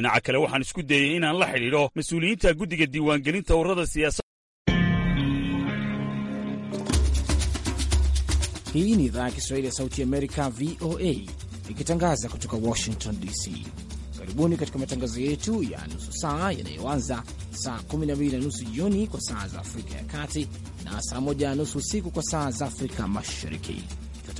dhinaca kale waxaan isku dayey inaan la xidhiidho mas-uuliyiinta guddiga diiwaangelinta ururada siyaasa. Hii ni idhaa ya Kiswahili ya Sauti Amerika, VOA, ikitangaza kutoka Washington DC. Karibuni katika matangazo yetu ya nusu saa yanayoanza saa 12 na nusu jioni kwa saa za Afrika ya Kati na saa 1 na nusu usiku kwa saa za Afrika Mashariki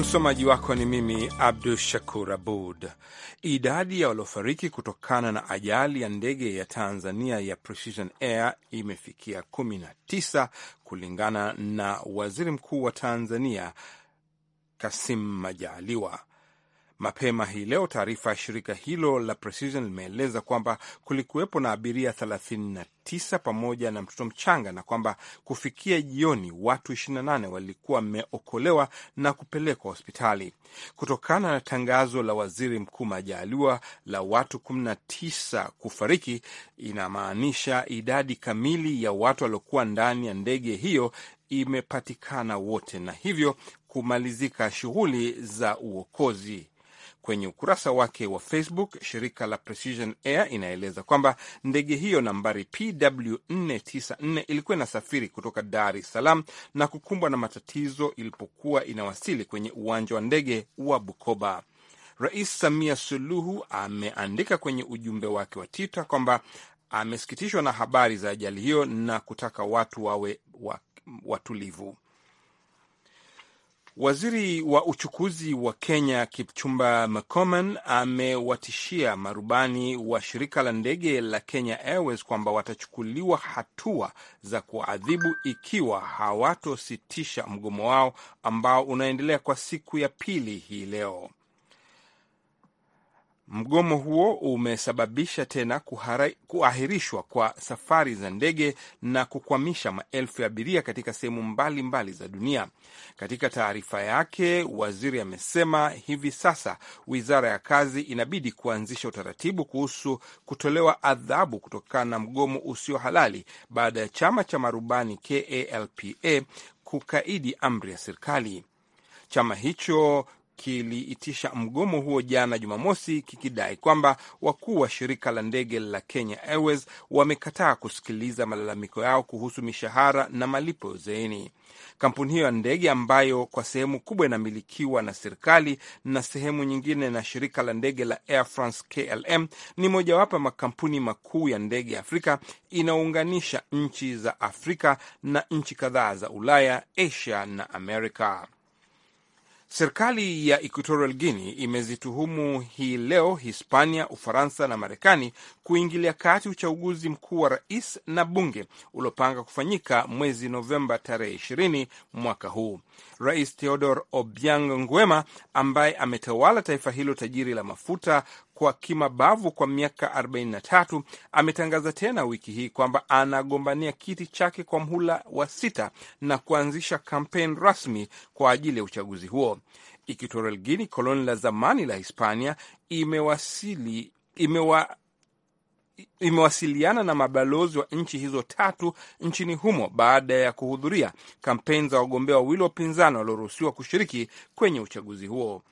Msomaji wako ni mimi Abdu Shakur Abud. Idadi ya waliofariki kutokana na ajali ya ndege ya Tanzania ya Precision Air imefikia 19 kulingana na waziri mkuu wa Tanzania Kasim Majaliwa. Mapema hii leo taarifa ya shirika hilo la Precision limeeleza kwamba kulikuwepo na abiria 39 pamoja na mtoto mchanga na kwamba kufikia jioni watu 28 walikuwa wameokolewa na kupelekwa hospitali. Kutokana na tangazo la waziri mkuu Majaliwa la watu 19 kufariki, inamaanisha idadi kamili ya watu waliokuwa ndani ya ndege hiyo imepatikana wote na hivyo kumalizika shughuli za uokozi. Kwenye ukurasa wake wa Facebook, shirika la Precision Air inaeleza kwamba ndege hiyo nambari PW494 ilikuwa inasafiri kutoka Dar es Salaam na kukumbwa na matatizo ilipokuwa inawasili kwenye uwanja wa ndege wa Bukoba. Rais Samia Suluhu ameandika kwenye ujumbe wake wa Twitter kwamba amesikitishwa na habari za ajali hiyo na kutaka watu wawe watulivu. Waziri wa uchukuzi wa Kenya Kipchumba mcoman amewatishia marubani wa shirika la ndege la Kenya Airways kwamba watachukuliwa hatua za kuadhibu ikiwa hawatositisha mgomo wao ambao unaendelea kwa siku ya pili hii leo. Mgomo huo umesababisha tena kuahirishwa kwa safari za ndege na kukwamisha maelfu ya abiria katika sehemu mbalimbali za dunia. Katika taarifa yake, waziri amesema hivi sasa wizara ya kazi inabidi kuanzisha utaratibu kuhusu kutolewa adhabu kutokana na mgomo usio halali baada ya chama cha marubani KALPA kukaidi amri ya serikali. Chama hicho kiliitisha mgomo huo jana Jumamosi kikidai kwamba wakuu wa shirika la ndege la Kenya Airways wamekataa kusikiliza malalamiko yao kuhusu mishahara na malipo zeni. Kampuni hiyo ya ndege ambayo kwa sehemu kubwa inamilikiwa na serikali na sehemu nyingine na shirika la ndege la Air France KLM ni mojawapo ya makampuni makuu ya ndege ya Afrika, inaunganisha nchi za Afrika na nchi kadhaa za Ulaya, Asia na Amerika. Serikali ya Equatorial Guinea imezituhumu hii leo Hispania, Ufaransa na Marekani kuingilia kati uchaguzi mkuu wa rais na bunge uliopanga kufanyika mwezi Novemba tarehe ishirini mwaka huu. Rais Theodor Obiang Nguema ambaye ametawala taifa hilo tajiri la mafuta kwa kimabavu kwa miaka 43 ametangaza tena wiki hii kwamba anagombania kiti chake kwa mhula wa sita na kuanzisha kampeni rasmi kwa ajili ya uchaguzi huo. Equatorial Guinea, koloni la zamani la Hispania, imewasili imewa imewasiliana na mabalozi wa nchi hizo tatu nchini humo baada ya kuhudhuria kampeni za wagombea wawili wa upinzani walioruhusiwa kushiriki kwenye uchaguzi huo.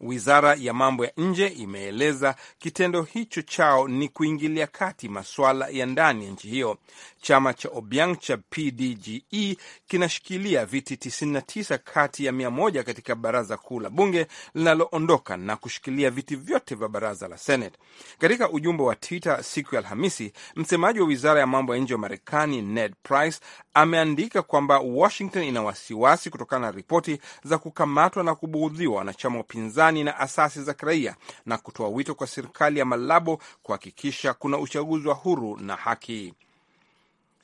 Wizara ya mambo ya nje imeeleza kitendo hicho chao ni kuingilia kati masuala ya ndani ya nchi hiyo. Chama cha Obiang cha PDGE kinashikilia viti 99 kati ya 100 katika baraza kuu la bunge linaloondoka na kushikilia viti vyote vya baraza la Senate. Katika ujumbe wa Twitter siku ya Alhamisi, msemaji wa wizara ya mambo ya nje wa Marekani Ned Price ameandika kwamba Washington ina wasiwasi kutokana na ripoti za kukamatwa na kubuudhiwa wanachama wapinzani upinzani na asasi za kiraia na kutoa wito kwa serikali ya Malabo kuhakikisha kuna uchaguzi wa huru na haki.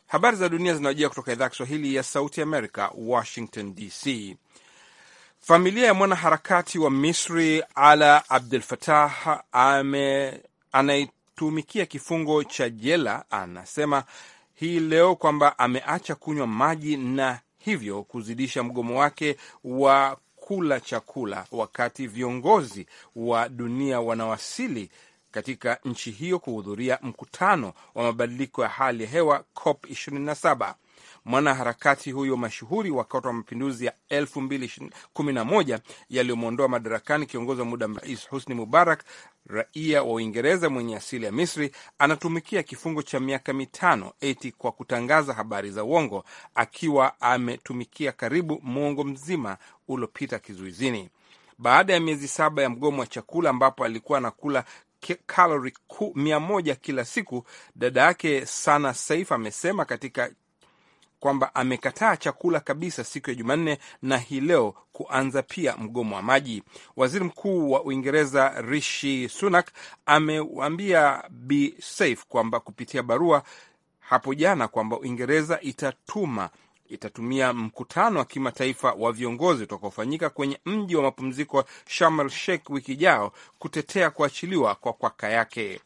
Habari za dunia zinawajia kutoka idhaa ya Kiswahili ya Sauti Amerika, Washington DC. Familia ya mwanaharakati wa Misri Ala abdul fatah anayetumikia kifungo cha jela anasema hii leo kwamba ameacha kunywa maji na hivyo kuzidisha mgomo wake wa kula chakula wakati viongozi wa dunia wanawasili katika nchi hiyo kuhudhuria mkutano wa mabadiliko ya hali ya hewa COP 27 mwanaharakati huyo mashuhuri wakati wa mapinduzi ya 2011 yaliyomwondoa madarakani kiongozi wa muda Rais Husni Mubarak, raia wa Uingereza mwenye asili ya Misri, anatumikia kifungo cha miaka mitano eti kwa kutangaza habari za uongo, akiwa ametumikia karibu mwongo mzima uliopita kizuizini. Baada ya miezi saba ya mgomo wa chakula ambapo alikuwa anakula kalori mia moja kila siku, dada yake Sana Saif amesema katika kwamba amekataa chakula kabisa siku ya Jumanne na hii leo kuanza pia mgomo wa maji. Waziri Mkuu wa Uingereza Rishi Sunak amewaambia Be Safe kwamba kupitia barua hapo jana kwamba Uingereza itatuma itatumia mkutano wa kimataifa wa viongozi utakaofanyika kwenye mji wa mapumziko wa Sharm el Sheikh wiki jao kutetea kuachiliwa kwa kwaka yake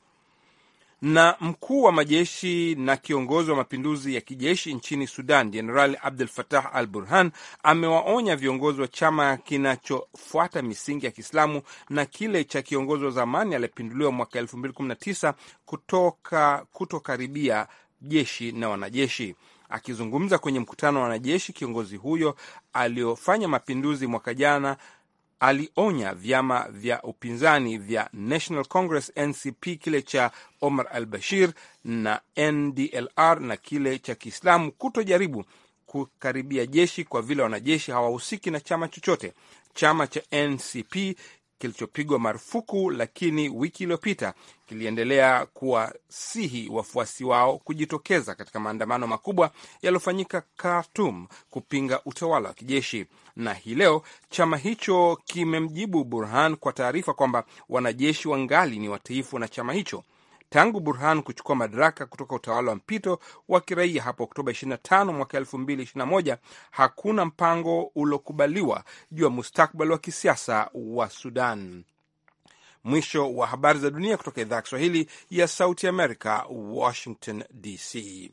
na mkuu wa majeshi na kiongozi wa mapinduzi ya kijeshi nchini Sudan, Jenerali Abdul Fatah al Burhan amewaonya viongozi wa chama kinachofuata misingi ya Kiislamu na kile cha kiongozi wa zamani aliyepinduliwa mwaka tisa kutoka kutokaribia jeshi na wanajeshi. Akizungumza kwenye mkutano wa wanajeshi, kiongozi huyo aliofanya mapinduzi mwaka jana alionya vyama vya upinzani vya National Congress NCP, kile cha Omar al Bashir na NDLR na kile cha Kiislamu kutojaribu kukaribia jeshi kwa vile wanajeshi hawahusiki na chama chochote. Chama cha NCP kilichopigwa marufuku, lakini wiki iliyopita kiliendelea kuwasihi wafuasi wao kujitokeza katika maandamano makubwa yaliyofanyika Khartoum kupinga utawala wa kijeshi. Na hii leo chama hicho kimemjibu Burhan kwa taarifa kwamba wanajeshi wangali ni watiifu na chama hicho tangu Burhan kuchukua madaraka kutoka utawala wa mpito wa kiraia hapo Oktoba 25 mwaka 2021, hakuna mpango uliokubaliwa juu ya mustakbali wa kisiasa wa Sudan. Mwisho wa habari za dunia kutoka idhaa ya Kiswahili ya Sauti Amerika, Washington DC.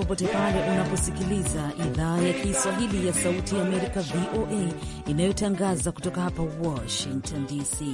popote pale unaposikiliza idhaa ya Kiswahili ya Sauti ya Amerika, VOA, inayotangaza kutoka hapa Washington DC.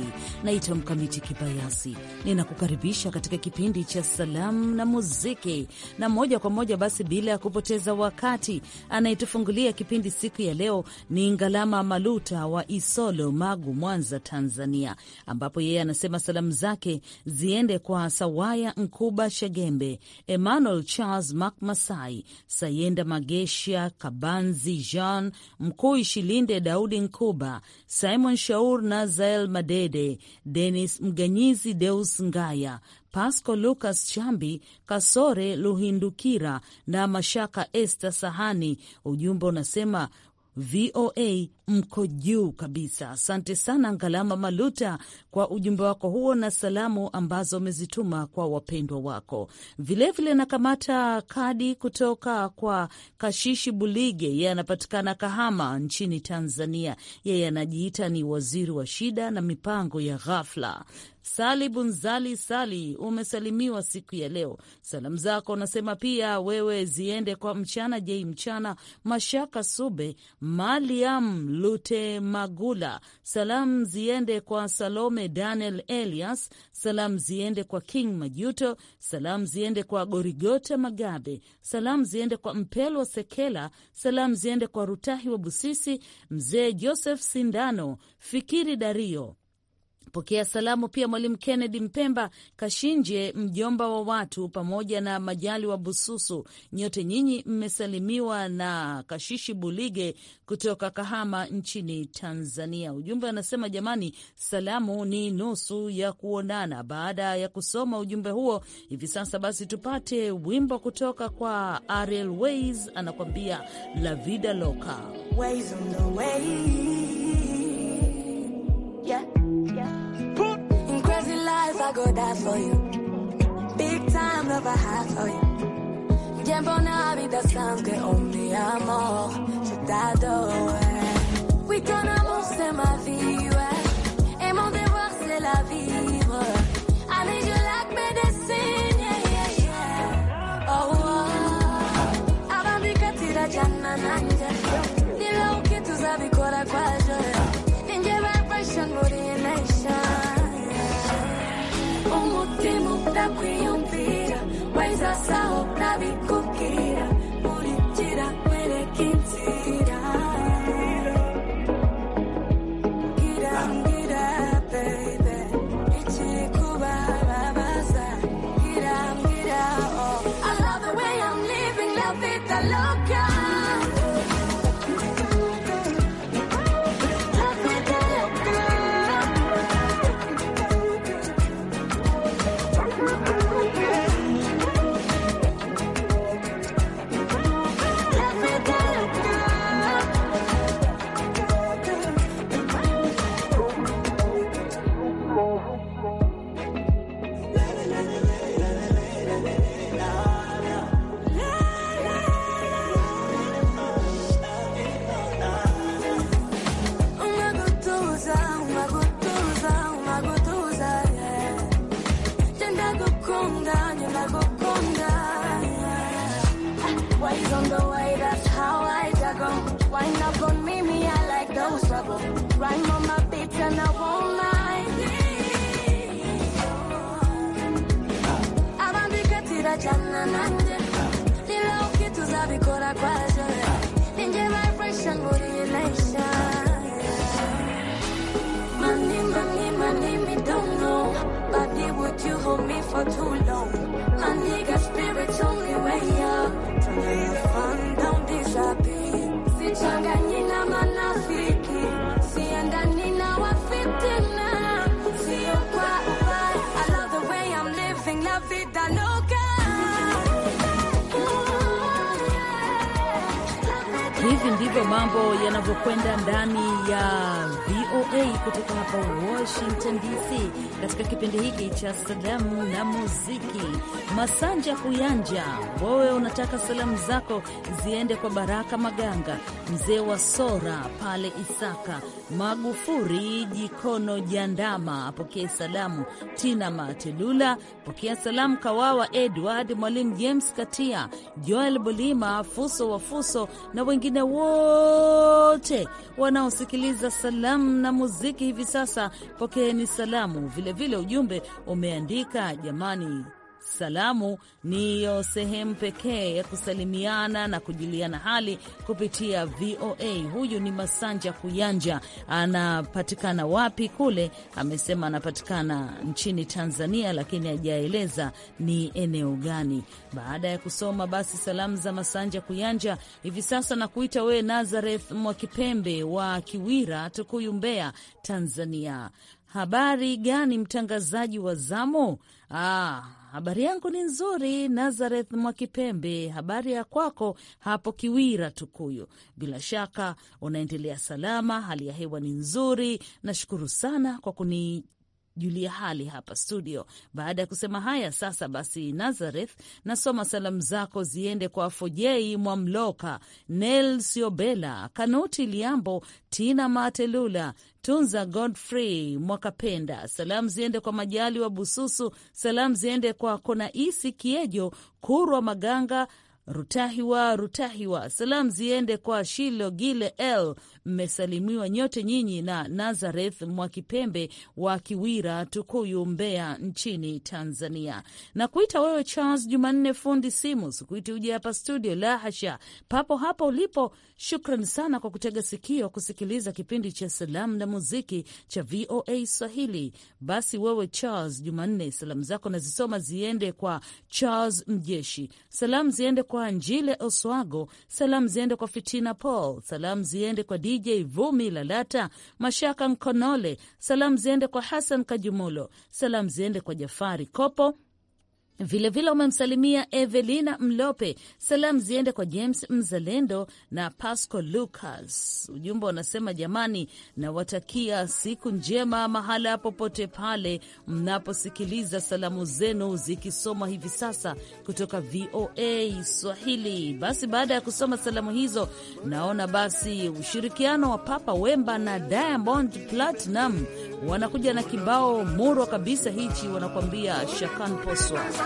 Naitwa Mkamiti Kibayasi, ninakukaribisha katika kipindi cha Salamu na Muziki na moja kwa moja. Basi bila ya kupoteza wakati, anayetufungulia kipindi siku ya leo ni Ngalama Maluta wa Isolo, Magu, Mwanza, Tanzania, ambapo yeye anasema salamu zake ziende kwa Sawaya Nkuba Shegembe, Emmanuel Charles Macmasa Masai, Sayenda Magesha, Kabanzi Jean, Mkuu Ishilinde, Daudi Nkuba, Simon Shaur, Nazael Madede, Denis Mganyizi, Deus Ngaya, Pasco Lucas Chambi, Kasore Luhindukira na Mashaka este Sahani. Ujumbe unasema VOA mko juu kabisa. Asante sana Ngalama Maluta kwa ujumbe wako huo na salamu ambazo amezituma kwa wapendwa wako. Vilevile vile nakamata kadi kutoka kwa Kashishi Bulige, yeye anapatikana Kahama nchini Tanzania. Yeye anajiita ni waziri wa shida na mipango ya ghafla. Sali Bunzali Sali, umesalimiwa siku ya leo. Salamu zako unasema pia wewe ziende kwa Mchana Jei, Mchana Mashaka Sube, Maliam Lute Magula. Salamu ziende kwa Salome Daniel Elias, salamu ziende kwa King Majuto, salamu ziende kwa Gorigota Magabe, salamu ziende kwa Mpelwa Sekela, salamu ziende kwa Rutahi wa Busisi, Mzee Joseph Sindano, Fikiri Dario Pokea salamu pia Mwalimu Kennedy Mpemba Kashinje, mjomba wa watu, pamoja na Majali wa Bususu. Nyote nyinyi mmesalimiwa na Kashishi Bulige kutoka Kahama nchini Tanzania. Ujumbe anasema jamani, salamu ni nusu ya kuonana. Baada ya kusoma ujumbe huo hivi sasa, basi tupate wimbo kutoka kwa Ariel Ways, anakwambia la vida loca Ways on the way. die for you. Big time love I have for you. Gemponari, that sounds good. Only I'm all cuidado. We gonna move, c'est ma vie, ouais. Et mon devoir, c'est la vie, kuiumbira waiza saho ndabikubwira urinjira nkwereka inzira Look out! vijana na tena kitu za vikora kwaje ninje vibration body ilaisha money money money me don't know but would you hold me for too long my nigga spirit's only way up to make fun don't disappear ndivyo mambo yanavyokwenda ndani ya VOA kutoka hapa Washington DC, katika kipindi hiki cha salamu na muziki. Masanja Kuyanja, wewe unataka salamu zako ziende kwa Baraka Maganga, mzee wa Sora pale Isaka, Magufuri Jikono Jandama apokee salamu, Tina Matelula pokea salamu, Kawawa Edward, Mwalimu James Katia, Joel Bulima, Fuso wa Fuso na wengine wote wanaosikiliza salamu na muziki hivi sasa. Pokeeni salamu vilevile, ujumbe umeandika jamani Salamu niyo sehemu pekee ya kusalimiana na kujuliana hali kupitia VOA. Huyu ni Masanja Kuyanja, anapatikana wapi kule? Amesema anapatikana nchini Tanzania, lakini hajaeleza ni eneo gani. Baada ya kusoma basi salamu za Masanja Kuyanja, hivi sasa nakuita wewe Nazareth Mwakipembe wa Kiwira, Tukuyu, Mbeya, Tanzania. Habari gani mtangazaji wa zamu? Ah, Habari yangu ni nzuri, Nazareth Mwakipembe. Habari ya kwako hapo Kiwira, Tukuyu? Bila shaka unaendelea salama, hali ya hewa ni nzuri. Nashukuru sana kwa kuni julia hali hapa studio. Baada ya kusema haya, sasa basi, Nazareth, nasoma salamu zako ziende kwa Fojei Mwamloka, Nel Siobela, Kanuti Liambo, Tina Matelula, Tunza Godfrey Mwakapenda. Salamu ziende kwa Majali wa Bususu. Salamu ziende kwa Konaisi Kiejo, Kurwa Maganga, Rutahiwa Rutahiwa. Salamu ziende kwa Shilo Gile l mmesalimiwa nyote nyinyi na Nazareth Mwakipembe wa Kiwira, Tukuyu, Mbeya nchini Tanzania. Na kuita wewe Charles Jumanne fundi simu, sikuiti uje hapa studio, la hasha, papo hapo ulipo. Shukran sana kwa kutega sikio kusikiliza kipindi cha salamu na muziki cha VOA Swahili. Basi wewe Charles Jumanne, salamu zako nazisoma ziende kwa Charles Mjeshi, salamu ziende kwa Njile Oswago, salamu ziende kwa Fitina Paul, salamu ziende kwa D DJ Vumi Lalata, Mashaka Mkonole. Salamu ziende kwa Hassan Kajumulo, salamu ziende kwa Jafari Kopo Vilevile wamemsalimia Evelina Mlope. Salamu ziende kwa James Mzalendo na Pasco Lucas. Ujumbe unasema jamani, nawatakia siku njema mahala popote pale mnaposikiliza salamu zenu zikisomwa hivi sasa kutoka VOA Swahili. Basi baada ya kusoma salamu hizo, naona basi ushirikiano wa Papa Wemba na Diamond Platinum wanakuja na kibao murwa kabisa hichi, wanakuambia shakan poswa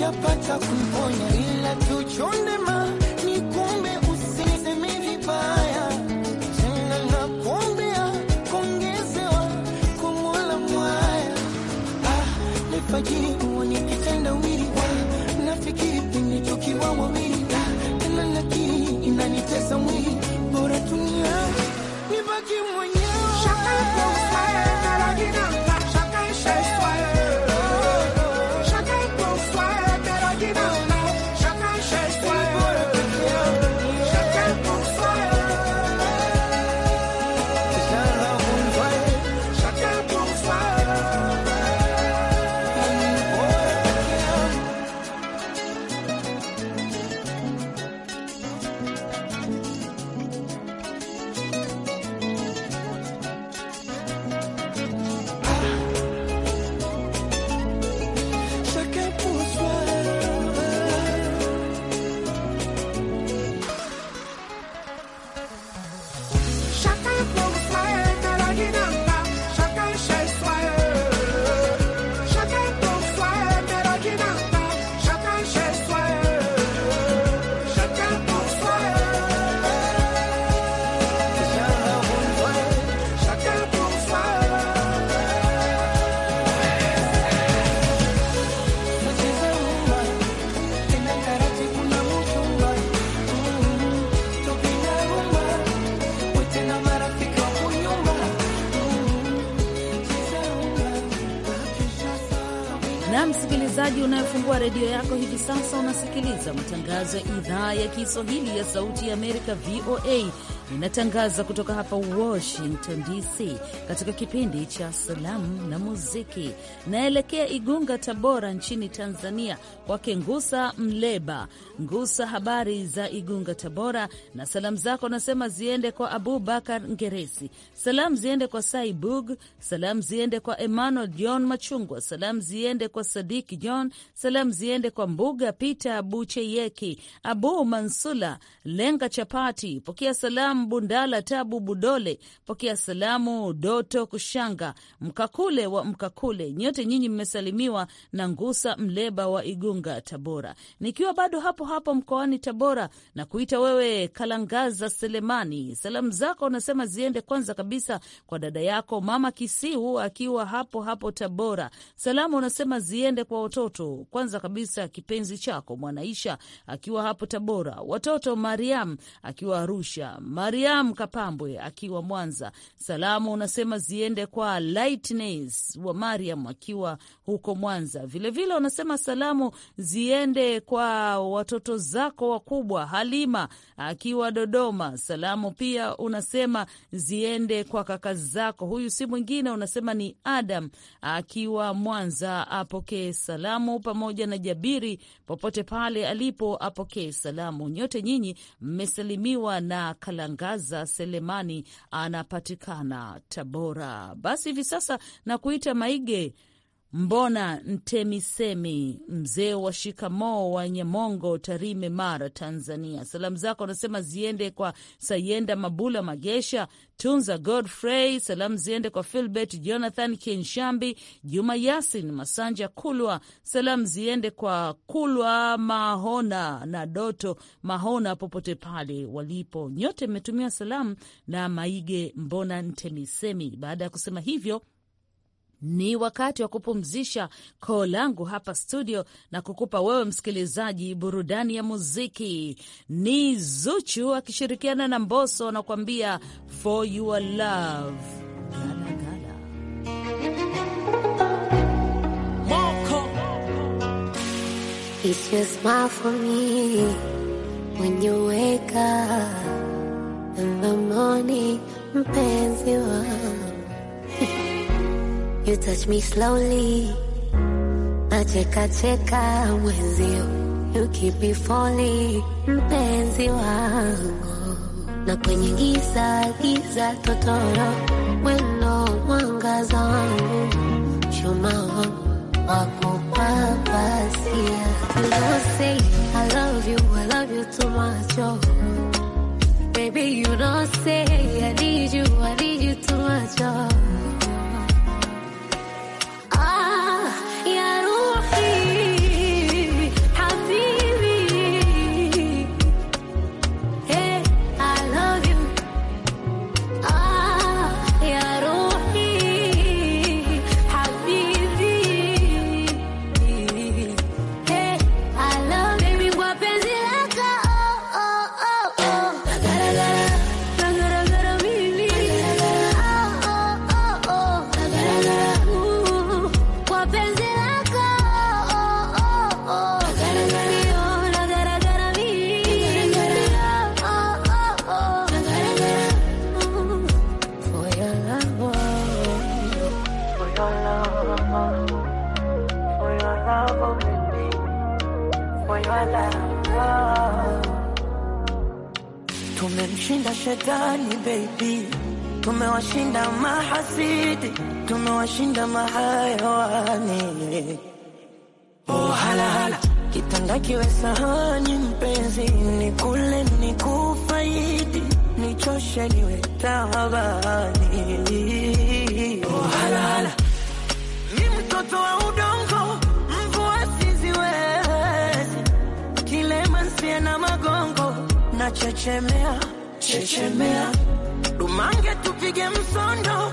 sijapata kuponya, ila kiuchondema ni kumbe, usiniseme vibaya tena, nakuombea kuongezewa kumola mwaya. Ah, nifajiri uone kitenda wili, ah, nafikiri pindi tukiwa wawili, ah, tena nakiri inanitesa mwili, bora tuniache redio yako hivi sasa unasikiliza matangazo ya idhaa ya Kiswahili ya Sauti ya Amerika, VOA Ninatangaza kutoka hapa Washington DC katika kipindi cha salamu na muziki. Naelekea Igunga, Tabora nchini Tanzania, kwake Ngusa Mleba. Ngusa, habari za Igunga, Tabora? Na salamu zako nasema ziende kwa Abubakar Ngeresi, salamu ziende kwa Saibug, salamu ziende kwa Emmanuel John Machungwa, salamu ziende kwa Sadiki John, salamu ziende kwa Mbuga Peter Bucheyeki, Abu Mansula Lenga Chapati. Pokea salamu Salamu Bundala Tabu Budole, pokea salamu Doto Kushanga Mkakule wa Mkakule. Nyote nyinyi mmesalimiwa na Ngusa Mleba wa Igunga, Tabora. Nikiwa bado hapo hapo mkoani Tabora na kuita wewe Kalangaza Selemani, salamu zako unasema ziende kwanza kabisa kwa dada yako Mama Kisiu akiwa hapo hapo Tabora. Salamu unasema ziende kwa watoto kwanza kabisa, kipenzi chako Mwanaisha akiwa hapo Tabora, watoto Mariam akiwa Arusha, Mar Mariam Kapambwe akiwa Mwanza. Salamu unasema ziende kwa Lightness wa Mariam akiwa huko Mwanza. Vilevile unasema salamu ziende kwa watoto zako wakubwa, Halima akiwa Dodoma. Salamu pia unasema ziende kwa kaka zako, huyu si mwingine, unasema ni Adam akiwa Mwanza, apokee salamu pamoja na Jabiri popote pale alipo, apokee salamu. Nyote nyinyi mmesalimiwa na Kalanga Gaza Selemani anapatikana Tabora. Basi hivi sasa na kuita Maige Mbona Ntemisemi, mzee wa shikamoo wa Nyamongo, Tarime, Mara, Tanzania. Salamu zako anasema ziende kwa Sayenda Mabula Magesha, Tunza Godfrey. Salamu ziende kwa Filbert Jonathan Kenshambi, Juma Yasin Masanja Kulwa. Salamu ziende kwa Kulwa Mahona na Doto Mahona popote pale walipo. Nyote mmetumia salamu na Maige Mbona Ntemisemi. Baada ya kusema hivyo ni wakati wa kupumzisha koo langu hapa studio na kukupa wewe msikilizaji burudani ya muziki. Ni Zuchu akishirikiana na mboso anakuambia for your love It's your smile for me when you wake up in the morning mpenzi wangu You touch me slowly, nacheka cheka mwenzio, you keep me falling, mpenzi wangu, na kwenye giza giza totoro, welo mwangaza wangu, chuma wangu wako kwa pasia. You don't say I love you, I love you too much, oh. Baby, you don't say I need you, I need you too much, oh. washinda mahayawani. Oh, hala, kitanda kiwe sahani, mpenzi ni kule ni kufaidi, nichoshe niwe taabani. Oh, hala, ni mtoto wa udongo, mvua siziwezi, kilema nsie na magongo na chechemea chechemea, dumange tupige msondo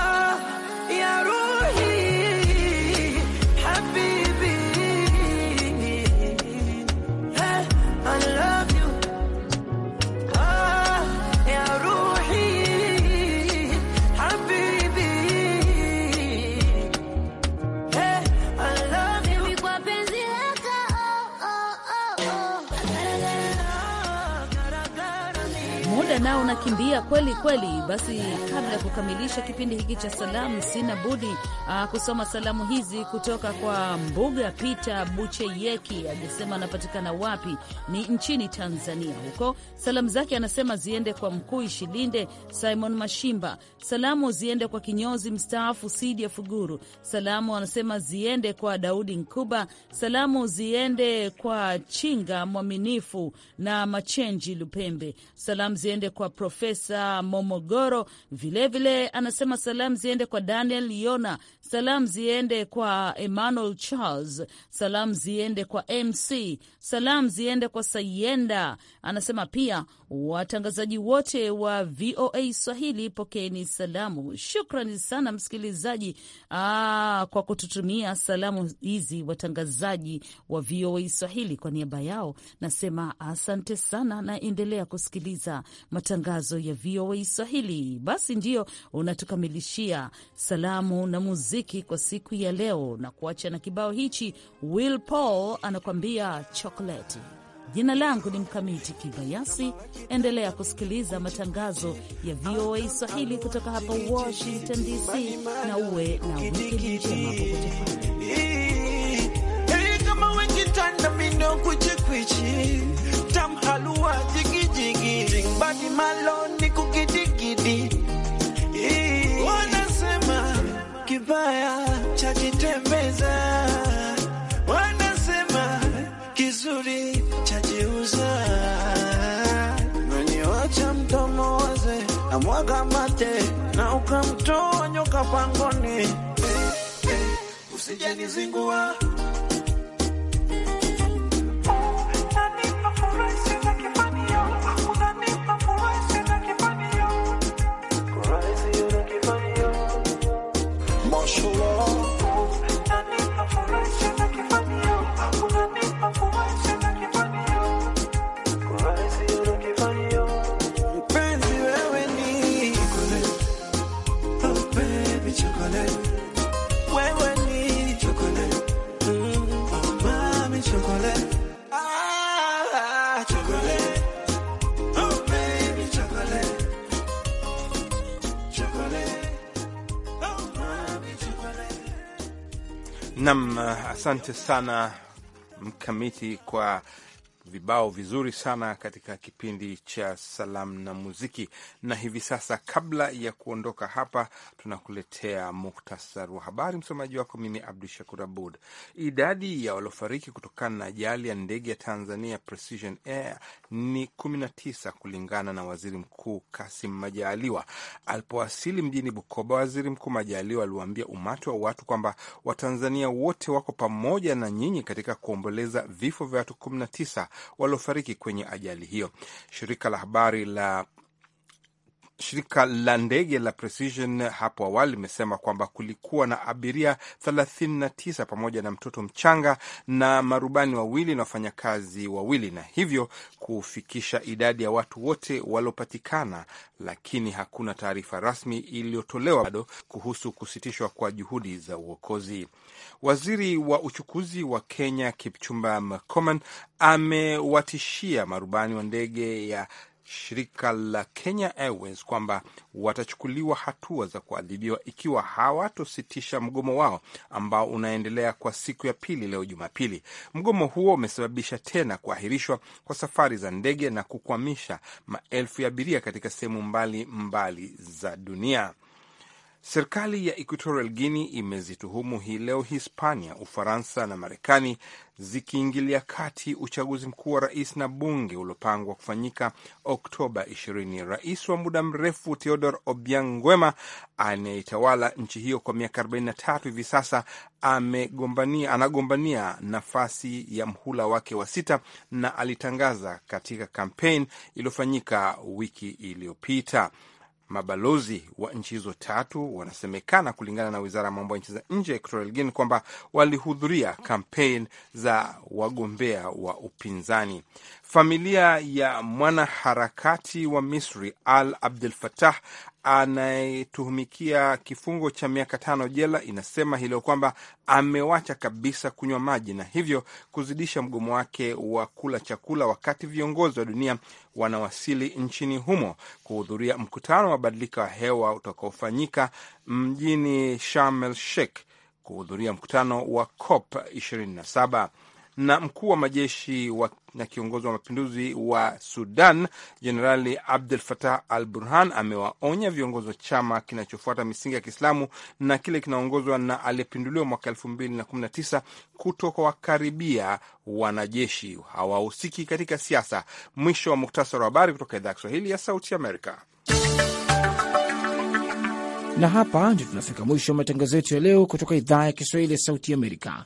love. kweli kweli. Basi, kabla ya kukamilisha kipindi hiki cha salamu, sina budi uh, kusoma salamu hizi kutoka kwa Mbuga Peter Bucheyeki. Ajasema anapatikana wapi, ni nchini Tanzania huko. Salamu zake anasema ziende kwa mkuu Ishilinde Simon Mashimba, salamu ziende kwa kinyozi mstaafu Sidia Fuguru, salamu anasema ziende kwa Daudi Nkuba, salamu ziende kwa Chinga Mwaminifu na Machenji Lupembe, salamu ziende kwa Profesa Isa Momogoro vilevile vile, anasema salamu ziende kwa Daniel Yona Salamu ziende kwa Emmanuel Charles, salamu ziende kwa MC, salamu ziende kwa Sayenda. Anasema pia watangazaji wote wa VOA Swahili, pokeeni salamu. Shukrani sana msikilizaji ah, kwa kututumia salamu hizi watangazaji wa VOA Swahili. Kwa niaba yao nasema asante sana, naendelea kusikiliza matangazo ya VOA Swahili. Basi ndiyo unatukamilishia salamu na muziki muziki kwa siku ya leo, na kuacha na kibao hichi. Will Paul anakuambia chokoleti. Jina langu ni Mkamiti Kibayasi. Endelea kusikiliza matangazo ya VOA Swahili kutoka hapa Washington DC, na uwe na wiki njema popote pale. kibaya cha jitembeza, wanasema kizuri cha jiuza, wacha mdomo waze mwaga mate na ukamtoa nyoka pangoni, usijani zingua Nam, uh, asante sana Mkamiti kwa vibao vizuri sana katika kipindi cha salamu na muziki. Na hivi sasa, kabla ya kuondoka hapa, tunakuletea muktasar wa habari. Msomaji wako mimi Abdu Shakur Abud. Idadi ya waliofariki kutokana na ajali ya ndege ya Tanzania Precision Air ni 19 kulingana na waziri mkuu Kasim Majaliwa alipowasili mjini Bukoba. Waziri Mkuu Majaliwa aliwaambia umati wa watu kwamba Watanzania wote wako pamoja na nyinyi katika kuomboleza vifo vya watu 19 waliofariki kwenye ajali hiyo. Shirika la habari la Shirika la ndege la Precision hapo awali limesema kwamba kulikuwa na abiria 39 pamoja na mtoto mchanga na marubani wawili na wafanyakazi wawili, na hivyo kufikisha idadi ya watu wote waliopatikana, lakini hakuna taarifa rasmi iliyotolewa bado kuhusu kusitishwa kwa juhudi za uokozi. Waziri wa uchukuzi wa Kenya Kipchumba Mcoman amewatishia marubani wa ndege ya shirika la Kenya Airways kwamba watachukuliwa hatua za kuadhibiwa ikiwa hawatositisha mgomo wao ambao unaendelea kwa siku ya pili leo Jumapili. Mgomo huo umesababisha tena kuahirishwa kwa safari za ndege na kukwamisha maelfu ya abiria katika sehemu mbali mbali za dunia. Serikali ya Equatorial Guinea imezituhumu hii leo Hispania, Ufaransa na Marekani zikiingilia kati uchaguzi mkuu wa rais na bunge uliopangwa kufanyika Oktoba 20. Rais wa muda mrefu Theodor Obiang Nguema anayetawala nchi hiyo kwa miaka 43 hivi sasa amegombania, anagombania nafasi ya mhula wake wa sita, na alitangaza katika kampeni iliyofanyika wiki iliyopita Mabalozi wa nchi hizo tatu wanasemekana, kulingana na wizara ya mambo ya nchi za nje ya Equatorial Guinea, kwamba walihudhuria kampeni za wagombea wa upinzani. Familia ya mwanaharakati wa Misri Al Abdul Fatah anayetuhumikia kifungo cha miaka tano jela inasema hilo kwamba amewacha kabisa kunywa maji na hivyo kuzidisha mgomo wake wa kula chakula, wakati viongozi wa dunia wanawasili nchini humo kuhudhuria mkutano wa badilika ya hewa utakaofanyika mjini Sharm el Sheikh kuhudhuria mkutano wa COP na mkuu wa majeshi wa, na kiongozi wa mapinduzi wa Sudan Jenerali abdul fatah al Burhan amewaonya viongozi wa chama kinachofuata misingi ya Kiislamu na kile kinaongozwa na aliyepinduliwa mwaka elfu mbili na kumi na tisa kutoka wakaribia wanajeshi hawahusiki katika siasa. Mwisho wa muktasari wa habari kutoka idhaa ya Kiswahili ya Sauti Amerika. Na hapa ndio tunafika mwisho wa matangazo yetu ya leo kutoka idhaa ya Kiswahili ya Sauti Amerika.